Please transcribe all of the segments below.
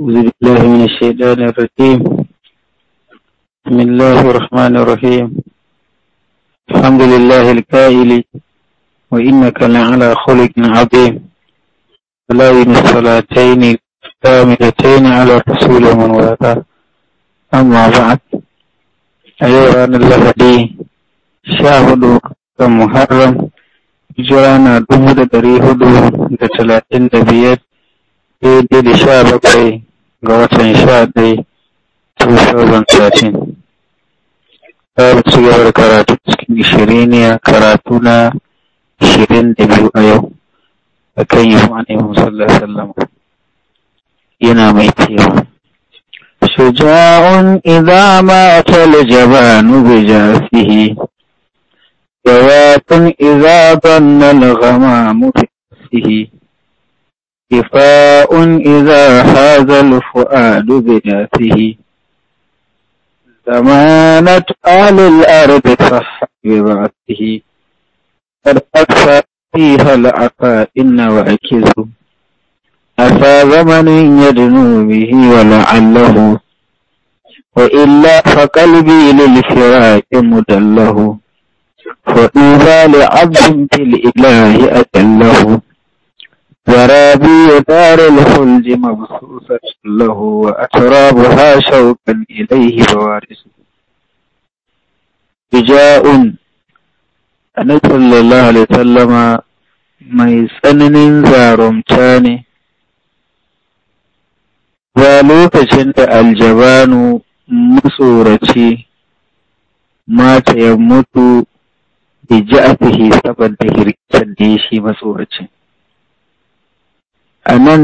أعوذ بالله من الشيطان الرجيم بسم الله الرحمن الرحيم الحمد لله الكائل وإنك لعلى خلق عظيم فلا من الصلاتين كاملتين على رسول من والاه أما بعد الله دي شاهد محرم جرانا دمد دريه دو دتلاتين دبيت دي دي sha ga watan sha ɗaya tu thousand cigaba da karatu cikin shiriniya karatu na ashirin da biyu a yau a kan yi ma'ana musallar sallama yana mai cewa shuja'un idza ma a tala jabanu bi jasihi wa yatun idza banna al-ghamamu bi jasihi كفاء إذا حاز الفؤاد بذاته زمانت أهل الأرض صح ببعثه قد أكثر فيها العقائن وعكزه أفى زمن يدنو به ولعله وإلا فقلبي للفراق مدله فإذا لعبد في الإله أجله زرابي دار الخلد مبثوثة له وأترابها شوقا إليه بوارث بجاء Annabi sallallahu alaihi sallama mai tsananin zarumta ne, ba lokacin da aljabanu matsoraci mata ya mutu da ji a saboda hirkitar da ya shi matsoraci. a nan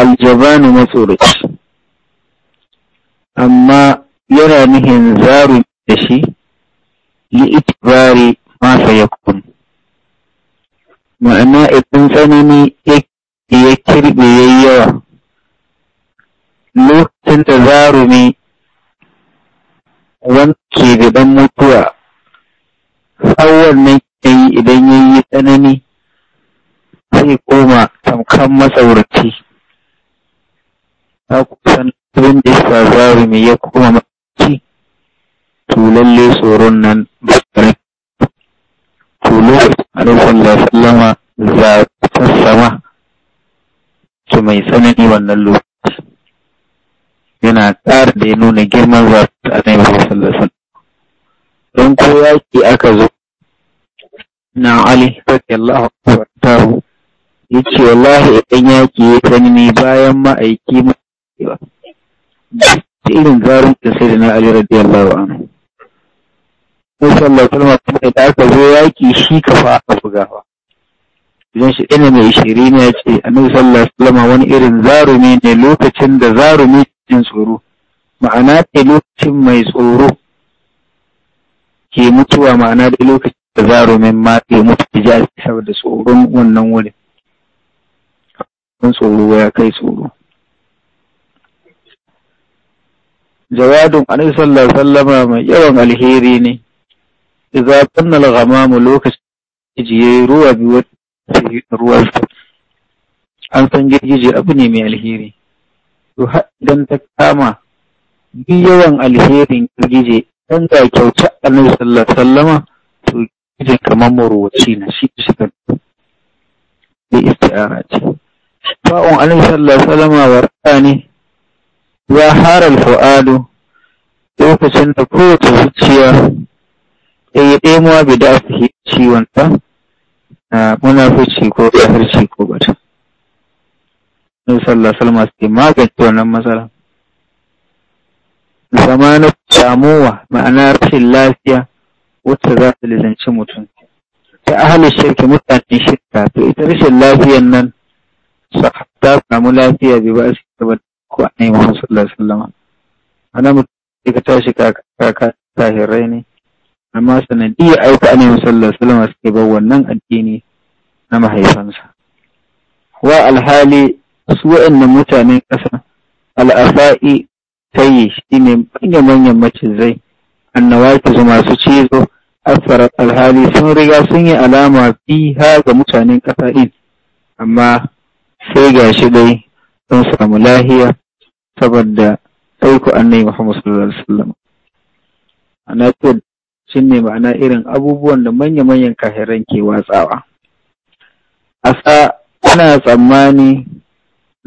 aljabanu matsoraci amma yana nihin zaru da shi li'itibari masa ya kun ma'ana idan tsanani ya kirɓe yayi yawa lokacin da zarumi wanke gaban mutuwa har wannan idan yayi tsanani zai koma tamkar matsoraci na kusan abin da ya zarumi ya koma matsoraci to lalle tsoron nan ba tsare to lokacin alaihi sallama za ta sama ki mai tsanani wannan lokaci yana ƙara da ya nuna girman za ta alaihi sallallahu don ko yaƙi aka zo na Ali radiyallahu anhu ya ce wallahi idan yaƙi ya ne bayan ma'aiki ma'aikewa Ta irin garin da sai da na ali radiyallahu anhu sai sallar kalma kuma da aka zo yaƙi shi ka fa a bugawa idan shi ina mai shiri ne ya ce annabi sallallahu alaihi wani irin zarumi ne lokacin da zarumi cikin tsoro ma'ana ta lokacin mai tsoro ke mutuwa ma'ana da lokacin da zarumin ma ke mutu da saboda tsoron wannan wurin in tsoro ya kai tsoro jawadin annabi sallallahu alaihi mai yawan alheri ne idza tanna al mu lokacin jiye ruwa biyu ruwan an san girgije abu ne mai alheri to idan ta kama bi yawan alherin girgije ɗan da kyauta annabi sallallahu alaihi to girgije kamar marowaci na shi shi kan da istiara ce طاء النبي صلى الله عليه وسلم ورقاني ya harar faadu lokacin da kowace zuciya ya yi ɗemuwa bai da fi ciwon ta na munafici ko kafirci ko bata. Nabi sallallahu alaihi wasallam sai magance wannan matsala. Zamanin samuwa ma'ana rashin lafiya wacce za ta lizanci mutum. Ta ahalin shirki mutanen shirka to ita rashin lafiyan nan za su samu lafiya bai ba su taba ko a nai Muhammad sallallahu alaihi wasallam ana mutum ka tashi kaka tahirai ne amma sanadiyya aika annabi sallallahu alaihi wasallam suke bar wannan addini na mahaifansa wa alhali su waɗannan mutanen ƙasa al'afa'i yi shine manyan manyan macizai annawaki su masu cizo asfara alhali sun riga sun yi alama fiha ga mutanen ƙasa in amma sai ga shi dai sun samu lahiya saboda aiko annai Muhammad sallallahu alaihi wasallam ana shi ne ma'ana irin abubuwan da manya-manyan kahiran ke watsawa A sa ana tsammani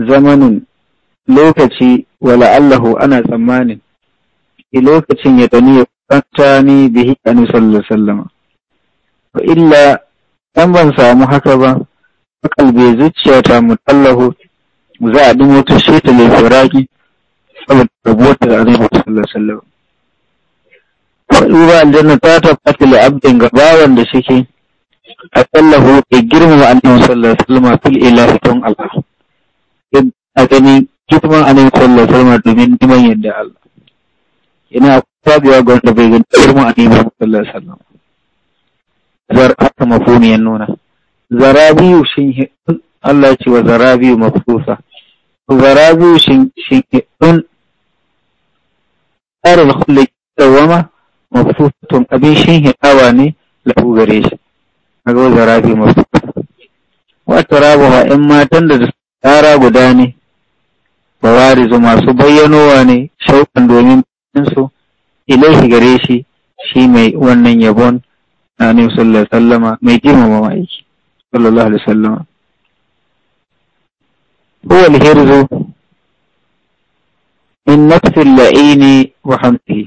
zamanin lokaci wala Allahu ana tsammanin lokacin ya tani ya kwanta ni bihi anu sallallahu alaihi wasallam illa dan ban samu haka ba kalbe zuciyata mutallahu za a dumo ta sheta mai firaki saboda ta da annabi sallallahu alaihi wasallam ba aljanna ta tabbata li abdin gabawan da shike a sallahu ya girmama annabi sallallahu alaihi wasallam fil ilahi tun Allah a gani girman annabi sallallahu alaihi wasallam domin neman yadda Allah yana tabiwa ga wanda bai gani girman annabi sallallahu alaihi wasallam zar haka mafhumiyan nuna zarabiyu shinhiɗin Allah ce wa zarabiyu mafusa zarabiyu shinhiɗin tsarin hulɗi mafusa tun abin hiɗawa ne lahu gare shi a ga zarabiyu mafusa wata rabuwa ‘yan matan da tsara guda ne bawarizu masu bayyanowa ne shauƙan domin su ilaihi gare shi shi mai wannan yabon na sallallahu sallama mai girmama ma'aiki صلى الله عليه وسلم هو الهرز من نفس اللئين وحمته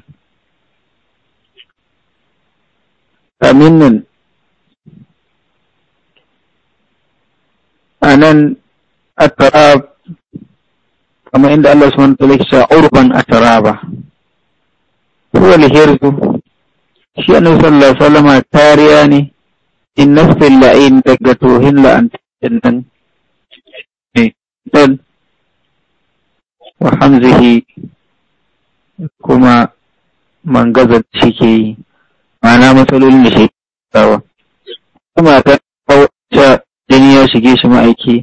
فمن أن التراب كما عند الله سبحانه وتعالى عربا أترابا هو الهرز shi صلى الله عليه وسلم تارياني Innas fillain daggatuhin la'antanan ne eh, don wa hamzihi kuma mangazar ke yi ma'ana matsalolin da shi tsawa kuma ta kawace jini ya shige shi ma'aiki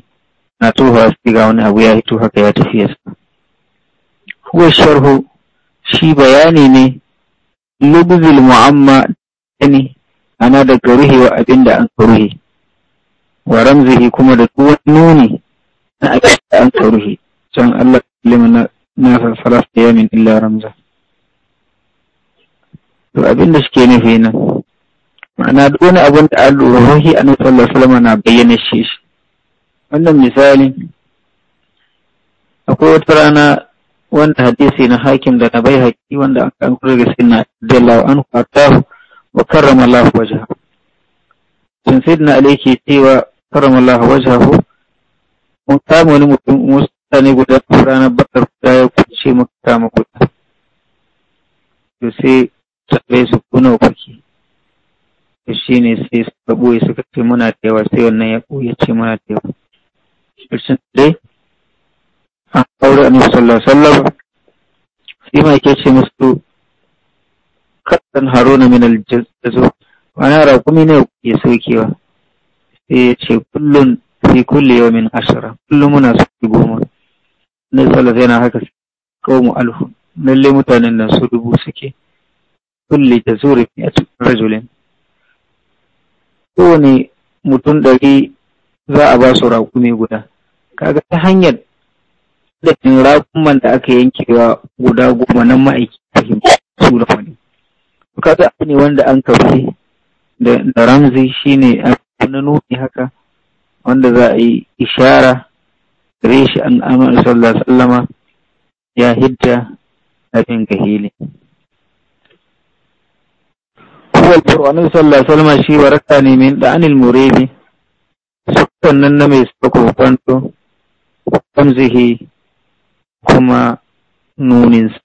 na tohuwa su ga wani abu ya hito haka ya tafi yasa huwa sharhu shi bayani ne lubzil mu'amma ne ana da wa abin da an ruhe wa ramzihi kuma da tuwon nuni na abin da an ruhe can Allah limin na salas da yamin illa ramza to abin da suke nufi nan ma'ana duk wani abin da an lura ruhi a nufin sallallahu na bayyana shi wannan misali akwai wata rana wanda hadisi na hakim da na bai haƙi wanda an kan da sina da lawa an kwata wa karrama Allah wajaha sun sayyidina Ali yake cewa karrama Allah wajahu mun samu wani mutum mutane guda ranar bakar guda ya kuce muka kama sai sabai su suka ɓoye suka ce muna da yawa sai wannan ya ɓoye ce muna da yawa ƙarshen dai an aure annabi sallallahu alaihi sai ma ke ce musu Kaɗan haruna min aljazu wani raƙumi ne ya saukewa sai ya ce kullum fi kulli min ashara kullum muna sauki goma na sallah yana haka qaumu alfu lalle mutanen nan su dubu suke kulli a cikin rajulin kowane mutum ɗari za a ba su raƙumi guda kaga ta hanyar da raƙuman da aka yankewa guda goma nan ma'aiki fahimta su da wani kada abu ne wanda an kafi da ramzi shine na nuni haka wanda za a yi ishara gare shi an amur sallar sallama ya hidda abin kahili kowal furwanin sallama shi waraka ne min da anil sukan na mai sako kwanto kamzihi kuma nuninsa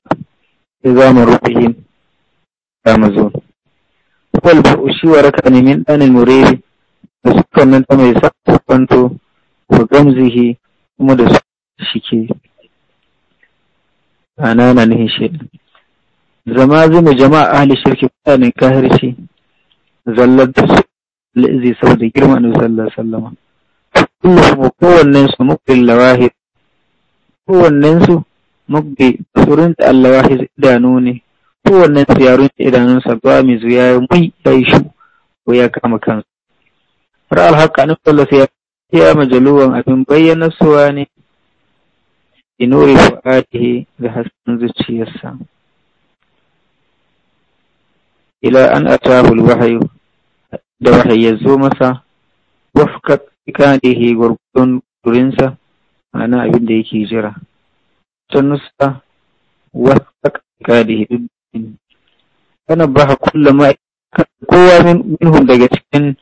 ya zama rufihim amazon wal ushi wa raka ne min ɗanin murebe da sukan nan ta mai sa kwanto wa gamzihi kuma da su shike na nihin shi zama zai mu jama'a ahli shirki kwanin kahirci zallar da su la'izi saboda girma ne sallallahu sallama kullum kowannen su mukbil lawahi. kowannen su mukbi surinta da allawahiz idanu ne kowannen su ya runce idanunsa ba mai zuya ya mai ya yi ko ya kama kansa har alhaka na sai ya ya majaluwan abin bayyana suwa ne inori fu'adihi ga hasken zuciyarsa ila an atahul wahayu da wahayi ya zo masa wafka ikanihi gurgurun turinsa ma'ana abin da yake jira ta nusa wafka ikanihi duk ba كل ما kowa minhum daga cikin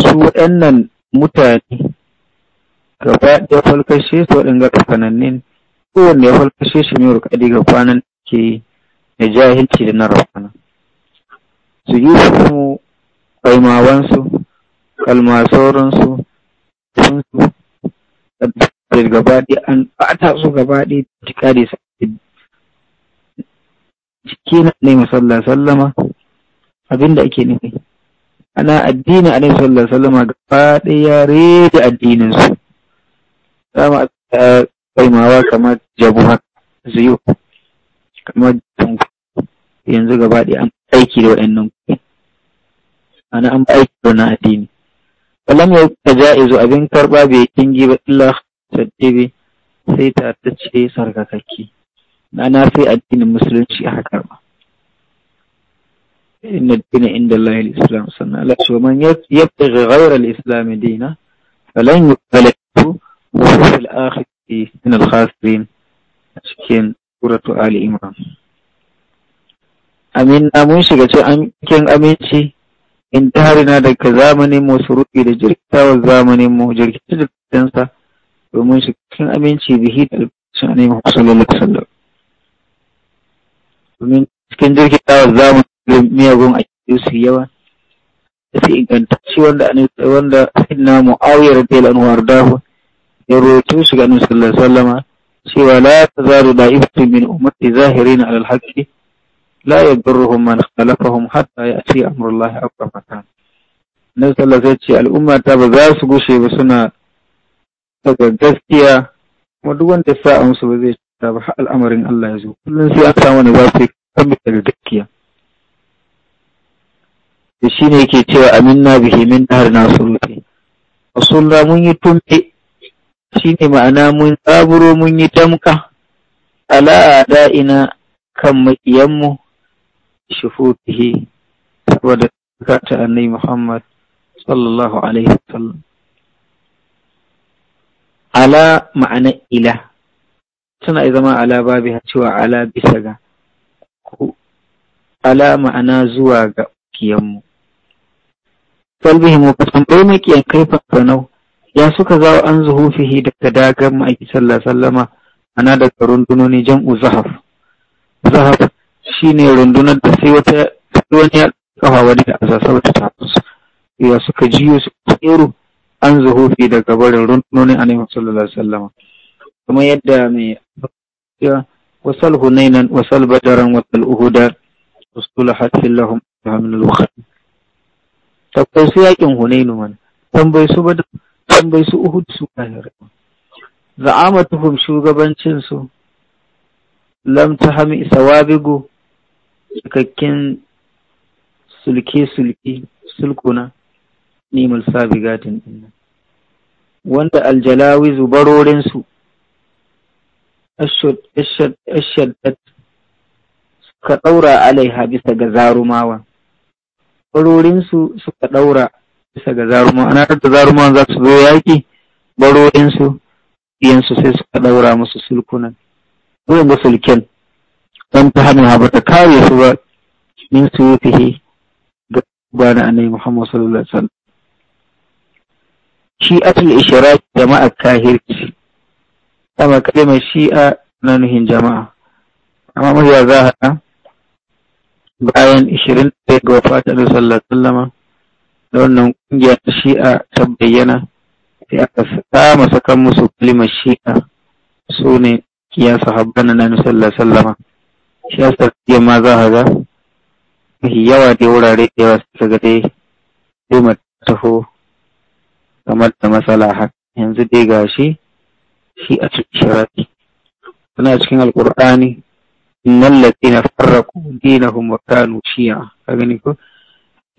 su waɗannan mutane gaba ɗaya falkashe su waɗanda kafanannin kowanne ya falkashe shi mai rukadi ga kwanan ke na jahilci da na rafana su yi su kalmawansu, kalmasoransu sun su gaba ɗaya an ɓata su gaba ɗaya da su Jikina ne masallar sallallahu sallama abinda ake nufi ana addini nai sallar sallama gaba ɗaya rede addininsu su dama a kaimawa kamar jabu haka ziyo kamar yanzu gaba ɗaya an aiki da wa'annan kuɗi ana an aiki da wani addini falam ya ta ja'izu abin karɓa bai kingi ba illa sai ta ce sarkakakki na sai addinin musulunci aka karba inna dina inda Allah al-islam sannan Allah ce man yabtaghi ghayra al-islam dina falan yuqbalu wa huwa fil akhirati min al-khasirin cikin suratu ali imran amin na mun shiga cikin aminci in tarina daga zamanin mu suruki da jirkitawar zamanin mu jirkitar da tansa domin cikin aminci bihi da albarkacin annabi sallallahu alaihi wasallam domin cikin jirgitawar zamu miyagun a su yawa da inganta, shi wanda wanda inna mu'awiyar radiyallahu anhu wardahu ya rawaito shi ga annabi sallallahu alaihi wasallam cewa la tazalu da'ifatu min ummati zahirin ala al-haqqi la yadurruhum man khalafahum hatta ya'ti amrullahi aqrafatan Nabi sallallahu alaihi ce al'umma ta ba za su gushe ba suna daga gaskiya kuma duk wanda sa musu ba zai da ba al'amarin Allah ya zo kullum sai aka samu na ba sai kan bi daga gaskiya da shi ne yake cewa aminna bihi min nahar nasuruti rasulullah mun yi tumbe shi ne ma'ana mun tsaburo mun yi tamka ala a da'ina kan maƙiyanmu shufutihi saboda ta annabi Muhammad sallallahu alaihi wasallam ala ma'ana ila suna zama ala babiha cewa ala bisa ga ala ma'ana zuwa ga kiyanmu falbihimu ɗaya mai kiyan kai fafanau ya suka zawo an zuhufihi daga dagar ma'aiki sallah sallama ana daga rundunoni jam'u zahaf zahaf ne rundunar da sai wata wani ya kafa wani da asasa wata tafus ya suka jiyo su tsero an zuhufi daga barin rundunonin annabi sallallahu alaihi wasallama kuma yadda mai wasal hunainan wasal badaran wasal uhuda usul hatfin lahum min al Ta tabbai su yakin hunainu man tambayi su badar tambayi su uhud su kahir za'amatuhum shugabancin su lam tahmi sawabigu cikakken sulke sulke sulkuna nimul sabigatin dinnan wanda aljalawi zubarorinsu Ashaddat suka ɗaura alaiha bisa ga zarumawa. Barorinsu suka ɗaura bisa ga zarumawa. Ana da zarumawa za su zo yaƙi, barorinsu, iyansu sai suka ɗaura musu sulkunan. Wurin ga sulken, Dan ta hannun ha ta kare su ba min su yi fihe ga bana annabi Muhammad sallallahu alaihi wasallam. Shi atul ishiraki jama'ar kahirci. dama mai shi'a na nuhin jama'a amma mafiya za a bayan 25 ga wafatar sallar sallama da wannan kungiyar shi'a ta bayyana sai aka masu sakan musu kalimar shi'a su ne kiya sahabban na sallar sallama shi yasa ma za a ga mafi yawa da wurare da yawa suka ga dai sai taho kamar da masala haka yanzu dai gashi في أسرات أنا أسكن القرآن إن الذين فرقوا دينهم وكانوا شيعا أغنيكو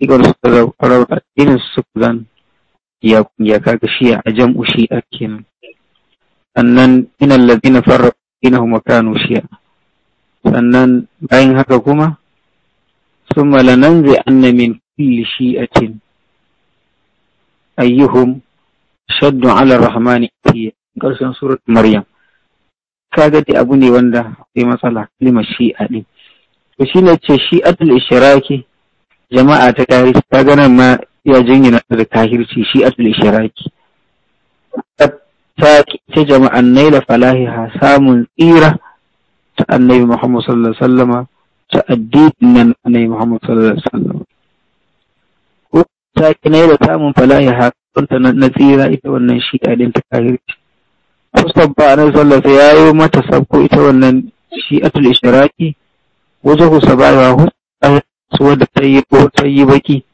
إيقول سكتب قرأوا الدين السكتان يأكون يكاك شيعا أجمع شيعا كينا أنن إن الذين فرقوا دينهم وكانوا شيعا أنن بين هكاكما ثم لننزع أن من كل شيعة أيهم شد على الرحمن ƙarshen surat Maryam. Kaga dai abu ne wanda sai matsala kalima shi'a ɗin. To shi ne ce shi'atul ishiraki jama'a ta tarihi ta ganin ma ya jingina da kahirci shi'atul ishiraki. Ta ta jama'an naila Falahi ha samun tsira ta annabi Muhammad sallallahu alaihi wasallama ta addinin nan annabi Muhammad sallallahu alaihi wasallama. Ko ta naila samun falahiha wanta na tsira ita wannan shi'a ɗin ta kahirci. fuskar ba na sallasa ya yi mata sabko ita wannan shi shi'atul ishiraki wajen kusa bayawa hussar wadda ta yi ko ta yi baki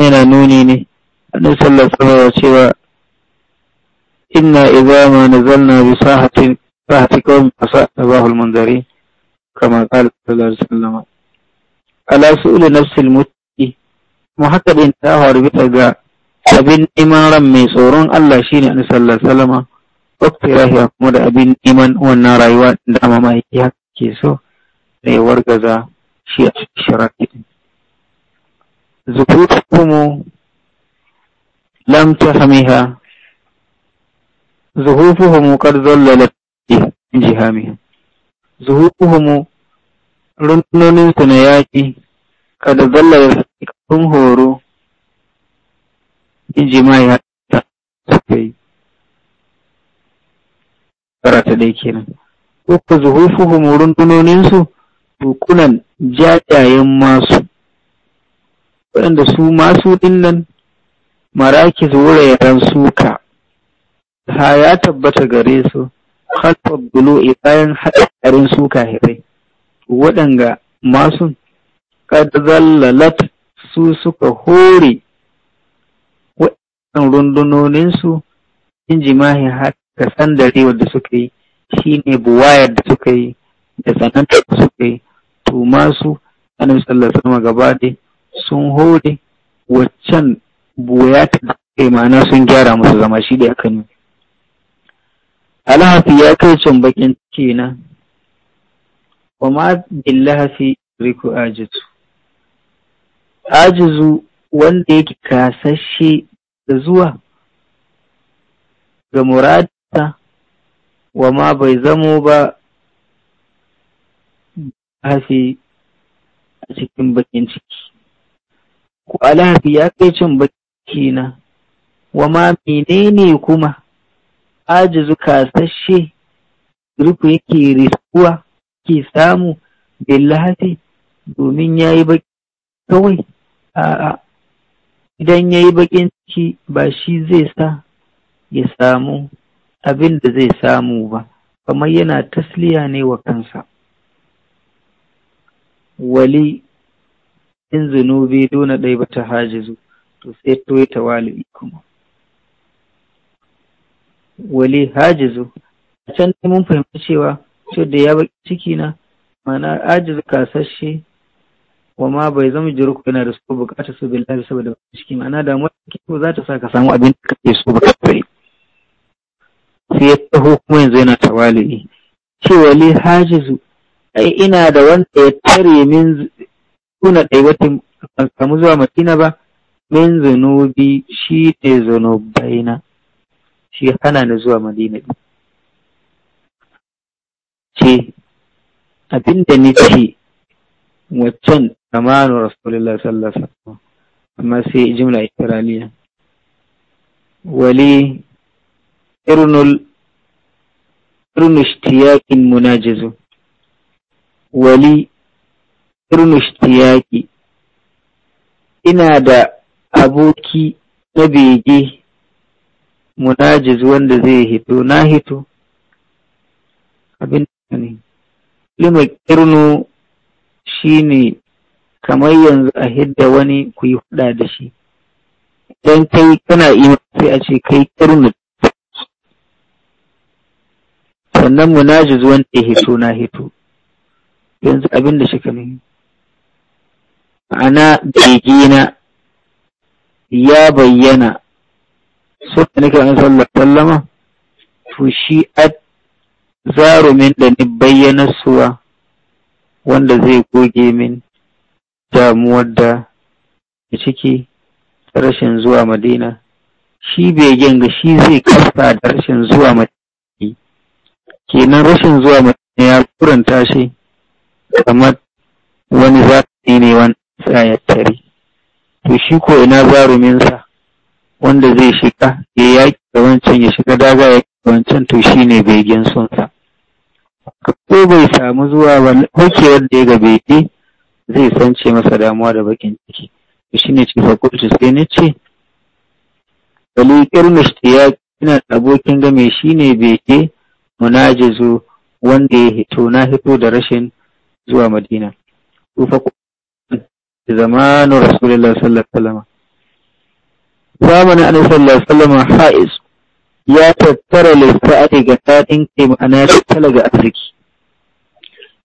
yana nuni ne annabi sallallahu alaihi wasallam cewa inna idza ma nazalna bi sahatin sahati kawm fasabahul munzari kama qala sallallahu alaihi wasallam ala su'ul nafsil mutti mu haka din ta faru bisa ga abin iman ran mai tsoron Allah shine annabi sallallahu alaihi wasallam waktirahiya kuma da abin iman wannan rayuwa da amma mahaifiya ke so ne wargaza shi a shirafi zubutu kuma lam da zuhufuhum qad zallalat jihami Zuhufu runnonin su na yaƙi qad ke kun horo inji ma ya ta suka yi shekara ta ɗaya kenan uku zuhufuhum rundunoninsu rukunan jajayen masu waɗanda su masu dinnan maraki wuraren suka ha ya tabbata gare su halfar a bayan haɗarin suka hirai waɗanga masu ƙadzallalat su suka hore waɗannan rundunoninsu in jima'i har da sandarewar da suka yi shine buwayar da suka yi da sanantar da suka yi to masu annabi sallallahu sama gaba sun hore waccan buwaya ta da sun gyara musu zama shi da aka nuna alhafi ya kai can bakin ciki na wa ma billahi riku ajizu ajizu wanda yake kasashe da zuwa ga muradi Wama bai zamo ba hafi a cikin bakin ciki ku alhafi ya kai cin baki na wa menene kuma ajizu kasashe rufe yake riskuwa ke samu billahi domin ya yi baki kawai a'a idan ya yi bakin ciki ba shi zai sa ya samu abin da zai samu ba kamar yana tasliya ne wa kansa wali in zunubi dona ɗai ba ta hajizu to sai toye tawali kuma wali hajizu a can mun fahimci cewa to da ya baki ciki na mana ajizu kasashe wa ma bai zama jiruku yana da su bukatar su Bilal saboda ciki mana damuwa za ta sa ka samu abin da kake so ba sai ya taho kuma yanzu yana tawali'i cewa li hajizu ai ina da wanda ya tare min kuna ɗaiwatin ban samu zuwa matina ba min zunubi shi ne na. shi hana ni zuwa madina ce abinda ni ce waccan amanu rasulullah sallallahu alaihi wasallam amma sai jimla Italiya. wali irnul irnushtiyaƙin munajizu wali irnushtiyaki ina da aboki na bege munajizu wanda zai hito na hito abin ne lima shi shine kamar yanzu a hidda wani ku yi da shi idan kai kana iya sai a ce kai kirnu Sannan mu naji zuwan ya hito na hito yanzu abin da shi kamin ma'ana begina ya bayyana suka nake an sallar sallama to shi a zarumin da ni bayyana suwa wanda zai goge min damuwar da ya ciki rashin zuwa madina shi begen ga shi zai kasta da rashin zuwa madina kenan rashin zuwa mai ya kuranta shi kamar wani zarumi ne wani ya tare to shi ko ina zaruminsa wanda zai shiga ya yaƙi da wancan ya shiga daga ya wancan to shi ne begen sunsa ko bai samu zuwa ba hukewar da ya ga bege zai sance masa damuwa da bakin ciki to shi ne cikin fakultu sai ni ce Bali kirmish ya yaƙi ina abokin game shi ne bege munajizu wanda ya hito na hito da rashin zuwa madina kufa zamanin rasulullah sallallahu alaihi wasallam zamanin annabi sallallahu alaihi wasallam haiz ya tattara lissa'ati ga tatin kai ma'ana ya tattala ga arziki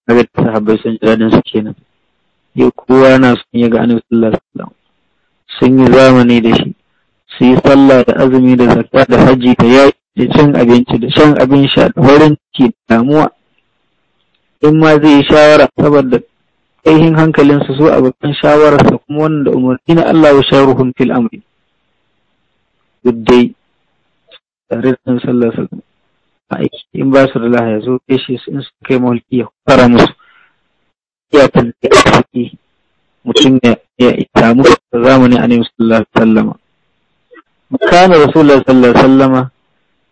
daga sahabbai sun ji dadin su kenan yau kowa na son ya ga annabi sallallahu alaihi wasallam sun yi zamani da shi su yi sallah da azumi da zakka da hajji da yayi da cin abinci da shan abin sha da farin ciki da damuwa in ma zai yi shawara saboda kaihin hankalinsa su abokan shawararsa kuma wanda umarni na Allah wa sharuhun fil amri duk dai tare da sallar sallar a aiki in ba su da lahaya zo kai shi in su kai mulki ya fara musu iyakar da ya fi mutum ya samu da zamani a nemi sallar sallama. Makanar Rasulullah sallar sallama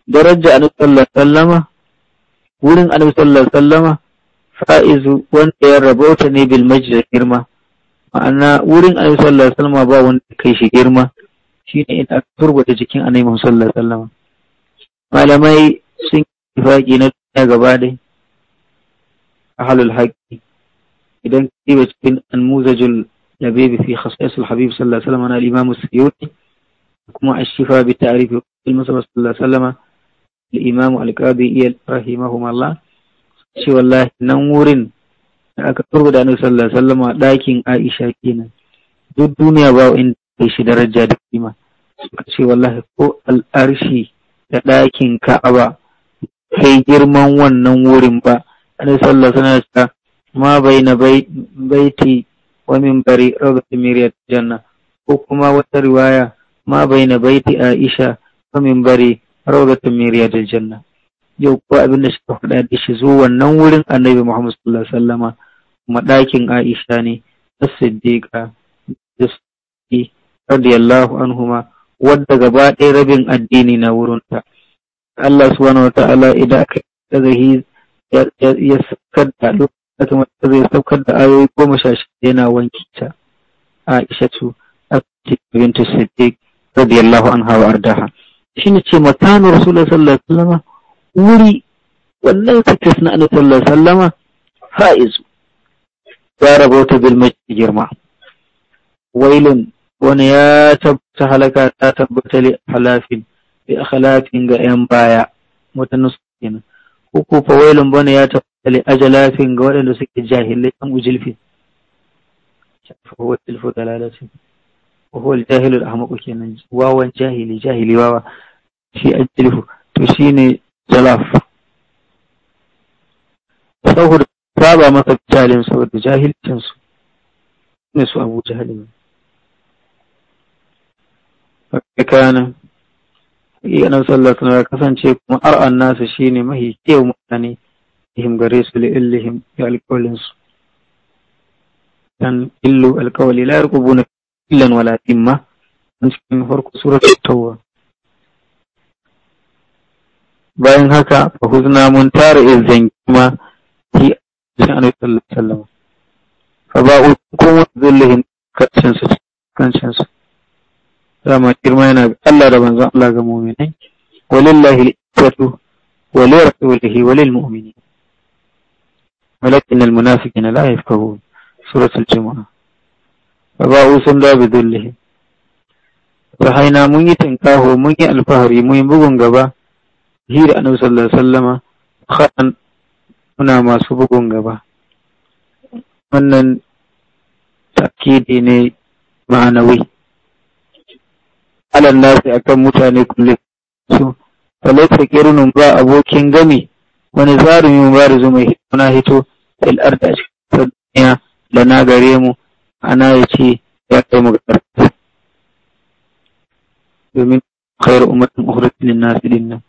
daraja annabi sallallahu alaihi wasallam wurin annabi sallallahu alaihi wasallam fa'izu wanda ya rabauta ne bil majlis girma ma'ana wurin annabi sallallahu alaihi wasallam ba wanda kai shi girma shine in aka turbata jikin annabi sallallahu alaihi wasallam malamai sun yi faƙi na duniya gaba dai ahlul haqqi idan ba cikin anmuzajul labib fi khasasul habib sallallahu alaihi wasallam na al-imam as-suyuti kuma ash-shifa bi ta'rif al-mustafa sallallahu alaihi wasallama imamu alƙadi iya rahimahumullah ce wallahi nan wurin da aka turba da annabi sallallahu alaihi wasallam ɗakin Aisha kenan duk duniya ba inda ya shi daraja da kima suka ce wallahi ko al'arshi da ɗakin Ka'aba kai girman wannan wurin ba annabi sallallahu alaihi wasallam ma baina baiti wa min minbari rabat miriyat janna ko kuma wata riwaya ma baina baiti Aisha wa min bari. rawdatun miriya da janna yau ko abin da suka faɗa da shi zo wannan wurin annabi Muhammad sallallahu alaihi wasallama madakin Aisha ne ta siddiqa da suke radiyallahu anhuma wadda gaba ɗaya rabin addini na wurinta Allah subhanahu ta'ala idan aka tazahi ya saukar da lokacin da saukar da ayoyi goma sha shida yana wanki ta Aisha tu bintu Siddiq radiyallahu anha wa ardaha shi ne ce matanu rasulullah sallallahu alaihi wasallam wuri Wannan takas na annabi sallallahu alaihi wasallam fa'izu ya rabota bil majdi girma wailun wani ya tabbata halaka ta tabbata li halafin bi akhlafin ga yan baya mutanen su kenan uku fa wailun bane ya tabbata li ajalafin ga waɗanda suke jahilai kan ujilfi shafa wa tilfu dalalatin huwa jahilu al hamaku kenan wawan jahili jahili wawa shi ajlihu to shi ne jalaf saboda saba masa jahilin saboda jahilcin su ne su Abu Jahal ne kana iya sallar sallallahu alaihi kasance kuma ar'an nasu shi ne mahi kewa mutane ihim gare su li illihim ya alƙawlin su dan illu alkawali la yarqubuna illan wala timma an cikin farko ta tawwa bayan haka fa huzna mun tara izan kuma fi annabi sallallahu alaihi wasallam fa ba'u kuma zullihin kancin su kancin su dama girma yana ga Allah da banzan Allah ga mu'minai walillahi al-izzatu wa li rasulihi wa lil mu'minin walakin al-munafiqina la yafqahun suratul jumu'ah ba ra'usun la bidullihi rahaina mun yi tinkaho mun yi alfahari mun yi bugun gaba hira annabi sallallahu alaihi wasallama khadan muna masu bugun gaba wannan takidi ne ma'anawi alal nasi akan mutane kullum su falaita kirinin ba abokin gami wani zarumin ba da zuma hito na hito fil arda cikin duniya da na gare mu ana ya ce ya kai mu ƙarfi domin khair ummatin ukhrat lin nas din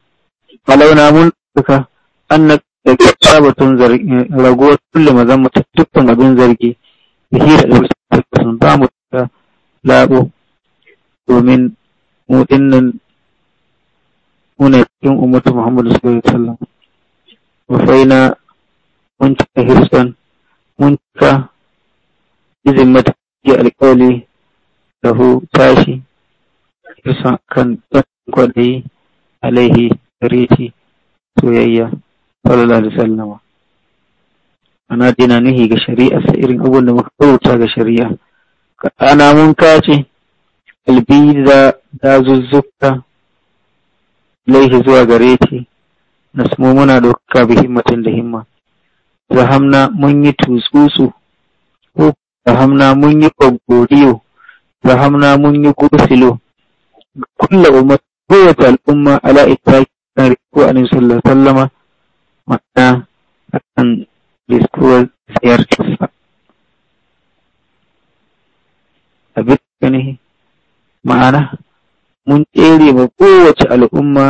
falau na mun suka anna da sabatun zargi rago kullu mazamma dukkan abin zargi hira da sun ba mu ta labo domin mu dinnan muna cikin ummatu Muhammadu sallallahu alaihi wasallam wa faina mun cika hirsan mun cika izin ya alƙawali lahu tashi irsan kan kwaɗayi alaihi gare shi soyayya sallallahu alaihi sallama ana dina nuhi ga shari'a sa irin abubuwan da muka rubuta ga shari'a ana mun kace albiza da zuzzuka laihi zuwa gare shi nasmu muna ɗaukaka bi himmatin da himma zahamna mun yi tutsusu ko rahamna mun yi godiyo rahamna mun yi gursilo kulla umma kowace al'umma ala ita kan riko a nan sallar sallama ma'ana a kan riskuwar ziyartarsa abin da ne ma'ana mun tsere ma kowace al'umma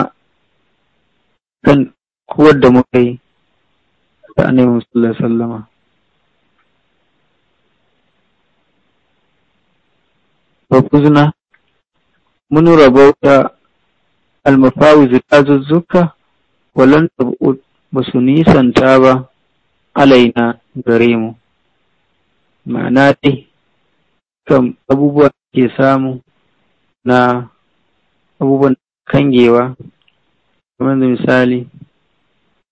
kan kowar da muka yi da annabi sallallahu alaihi fa fuzna mun rabauta almafawiz tazuzzuka walan tab'ud basu nisanta ba alaina gare mu ma'ana dai kan abubuwa ke samu na abubuwan kangewa kamar da misali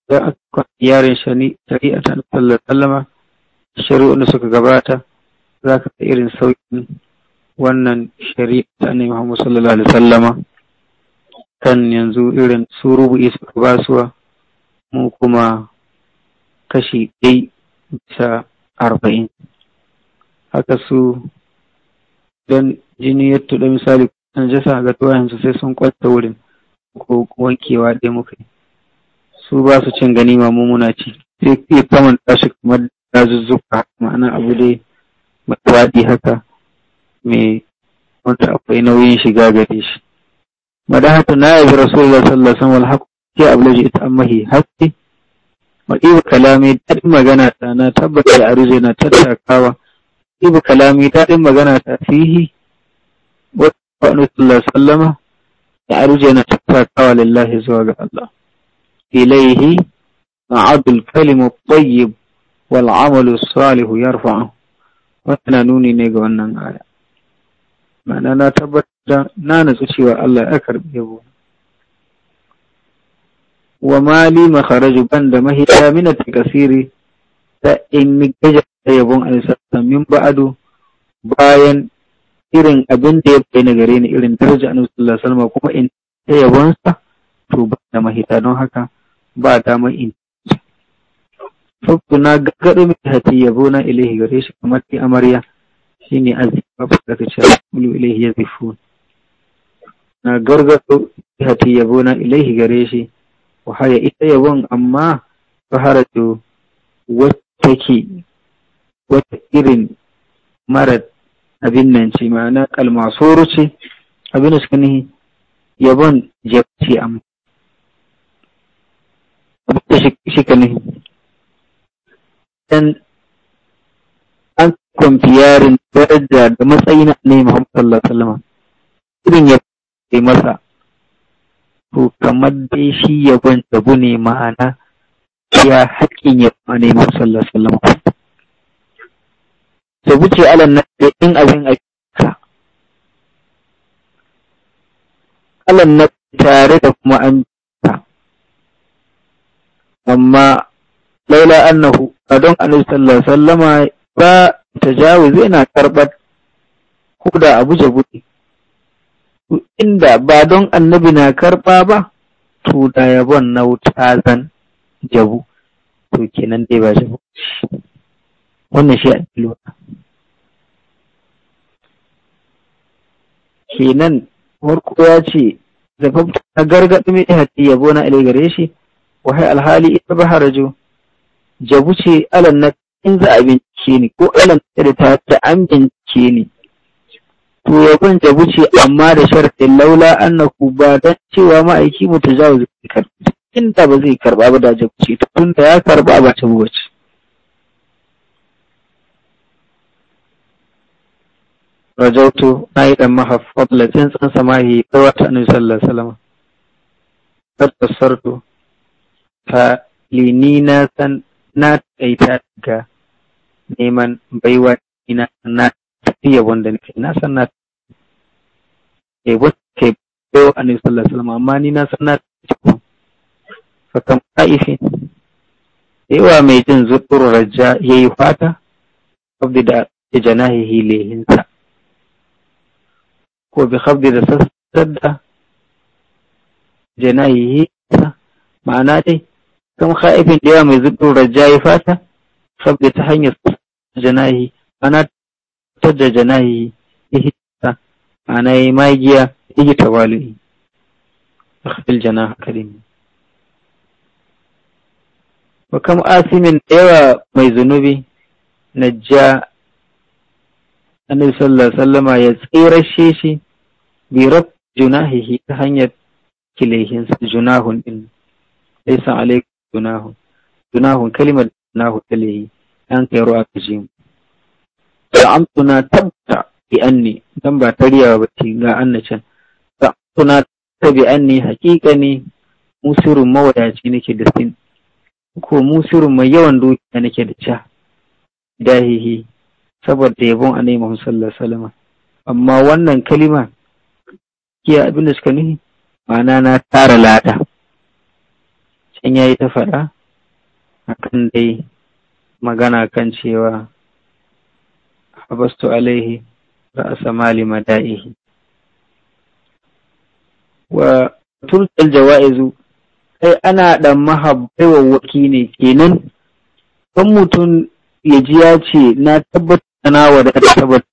za a kwan yaren shari'a ta sallar sallama shari'un da suka gabata za ka irin sauƙin wannan shari'a ta annabi Muhammad sallallahu alaihi wasallama kan yanzu irin su rubu'i su basuwa mu kuma kashi ɗai bisa arba'in haka su don jini ya tuɗa misali an jasa ga yanzu sai sun kwata wurin ko wankewa ɗai muka su ba su cin gani ma muna ci sai kamar tashi kamar dazuzzuka ma'ana abu dai mai faɗi haka mai wata akwai nauyin shiga gare shi madahatu na'ib rasulullah sallallahu alaihi wasallam alhaq ya ablaji ita ammahi haqqi wa ibu kalami dadin magana ta na tabbata da arzu na tattakawa ibu kalami dadin magana ta fihi wa sallallahu alaihi wasallam da arzu na tattakawa lillahi zuwa ga Allah ilaihi ma'adul kalimu tayyib wal amalu salihu yarfa'u wannan nuni ne ga wannan aya ma'ana na tabbatar na nutsu cewa Allah ya karɓi yabo wa mali makharaju ban da mahita min takasiri ta in ni gaja yabon alisasa min ba'adu bayan irin abin da ya bayyana gare ni irin daraja annabi sallallahu alaihi wasallam kuma in ta yabonsa to ba da mahita don haka ba dama in Fakku na gaggade mai hati yabona ilaihi gare shi kamar ki amarya إني أذهب لك شر ملو إليه يذفون نا جرجة هتي يبون إليه جريشي وحيا إتى يبون أما فهرجو وتكي وتكيرن مرد أبين ننشي معنا المعصور شي أبين سكنه يبون جبتي أما أبين شكنه kwamfiyarin daraja da matsayi na Annabi Muhammad sallallahu alaihi wasallam irin ya yi masa to kamar dai shi yabon tabu ne ma'ana ya haƙƙin ya ne Muhammad sallallahu alaihi wasallam sai wuce alan nan da in abin a ka alan nan tare da kuma an amma laila annahu adon annabi sallallahu alaihi wasallam ba tajawuz yana karɓar ko da abu buɗe inda ba don annabi na karɓa ba to da yabon na wuta zan jabu to kenan dai ba jabu wannan shi a lura kenan farko ya ce zafafta gargaɗi mai hati yabo na aligare shi wahai alhali ita ba harajo jabu ce alan na in za a bince ni ko alam da ta ta an bince ni to ya ta wuce amma da shartin laula annaku ba dan cewa ma'aiki mutu za su karbi inda ba zai karba ba da jabuce ta tunda ya karba ba ta wuce rajautu na yi ɗan mahaf wadda tsintsin samahi ta wata annabi sallallahu alaihi wasallam tabbasarto ta lini na san na taita ga neman baiwa ina na tafiya wanda nake na san na ke wace bayo annabi sallallahu alaihi wasallam amma ni na san na tafiya fa kam yawa mai jin zuɓur rajja yayi fata abdi da janahihi lehinsa ko bi khabdi da sassar da sa, ma'ana dai kam khaifin da yawa mai zuɓur rajja yayi fata khabdi ta hanyar janahi ana da janahi ana yi magiya ihta wali akhfil janah karim wa kam asimin yawa mai zunubi najja annabi sallallahu alaihi wasallama ya tsirashe shi bi rab junahihi ta hanyar kilehin junahun din laysa alaikum junahun junahun kalimar junahun kilehi an kai ruwa ka je mu tuna tabbata bi ne, dan ba ta riya ba ce ga an tuna ta bi ne hakika ne musirin mawadaci nake da sin ko musirin mai yawan dukiya nake da ca dahihi saboda yabon a nai mahu alaihi Salama. amma wannan kalima kiya abin da suka nuhi ma'ana na tara lada can yayi ta faɗa akan dai magana kan cewa habastu alaihi ra'asa mali mada'ihi wa turtal jawa'izu sai ana ɗan mahabbai waki ne kenan kan mutum ya ji ya ce na tabbata na ta tabbata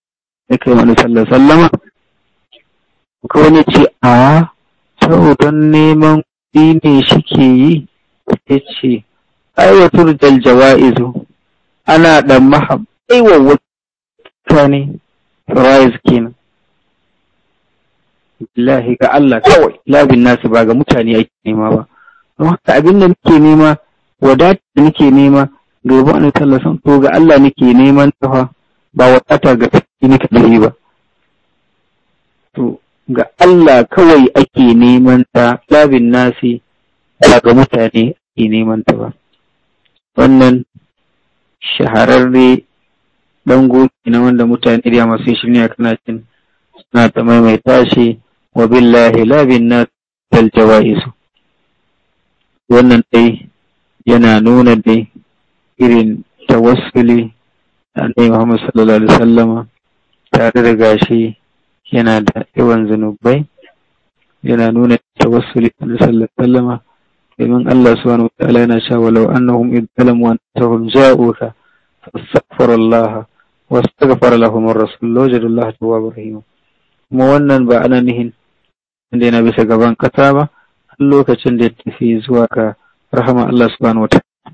da kai wani sallar sallama ko wani ce a saboda neman kuɗi ne shi ke yi ya ce aiwatar da jawa'izu ana da maham aiwa mutane rise kenan billahi ga Allah kawai labin nasu ba ga mutane ake nema ba don haka abin da nake nema wadata da nake nema gaba an tallasan to ga Allah nake neman tafa ba wadata ga fiki nake da ba to ga Allah kawai ake neman ta labin nasi ba ga mutane ake neman ta ba wannan shahararre dan goge na wanda mutane da masu shirya kana cin suna ta maimaita shi wa billahi la na dal jawaisu wannan dai yana nuna dai irin tawassuli da Annabi Muhammad sallallahu alaihi wasallama tare da gashi yana da yawan zanubai yana nuna tawassuli da sallallahu alaihi wasallama domin Allah subhanahu wa ta'ala yana cewa walau annahum id talamu annahum ja'uka fastaghfara Allah wastaghfara lahum ar-rasul lawajadu Allah tawwabur rahim kuma wannan ba ana nihin inda yana bisa gaban kasa ba lokacin da ya tafi zuwa ga rahama Allah subhanahu wa ta'ala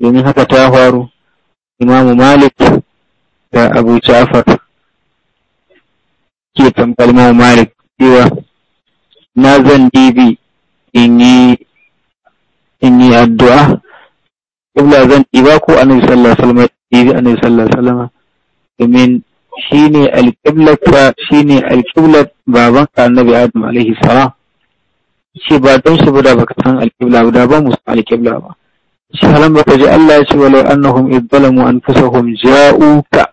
domin haka ta faru Imam Malik da Abu Ja'far ke tambayar Imamu Malik cewa na zan dibi in yi in yi addu'a ƙibla zan ɗiba ko annabi sallallahu alaihi wasallam ɗibi annabi sallallahu alaihi wasallam domin shine alƙiblar shine alƙiblar baban ka annabi adam alaihi salam Shi ba don shi ba baka san alƙibla ba da ba musu san alƙibla ba shi halan ka ji Allah ya ce walau annahum idzalamu anfusahum ja'uka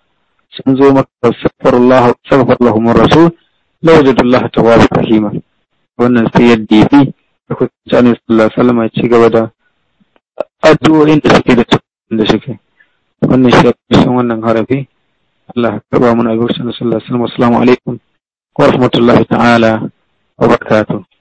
sun zo maka safar Allah safar lahum rasul lawajadullah tawwab rahima wannan sai yadda lokacin annabi sallallahu ya ci gaba da addu'o'in da suke da da suke wannan shi wannan harafi Allah karba mana albarkacin sallallahu alaikum wa rahmatullahi ta'ala wa barakatuh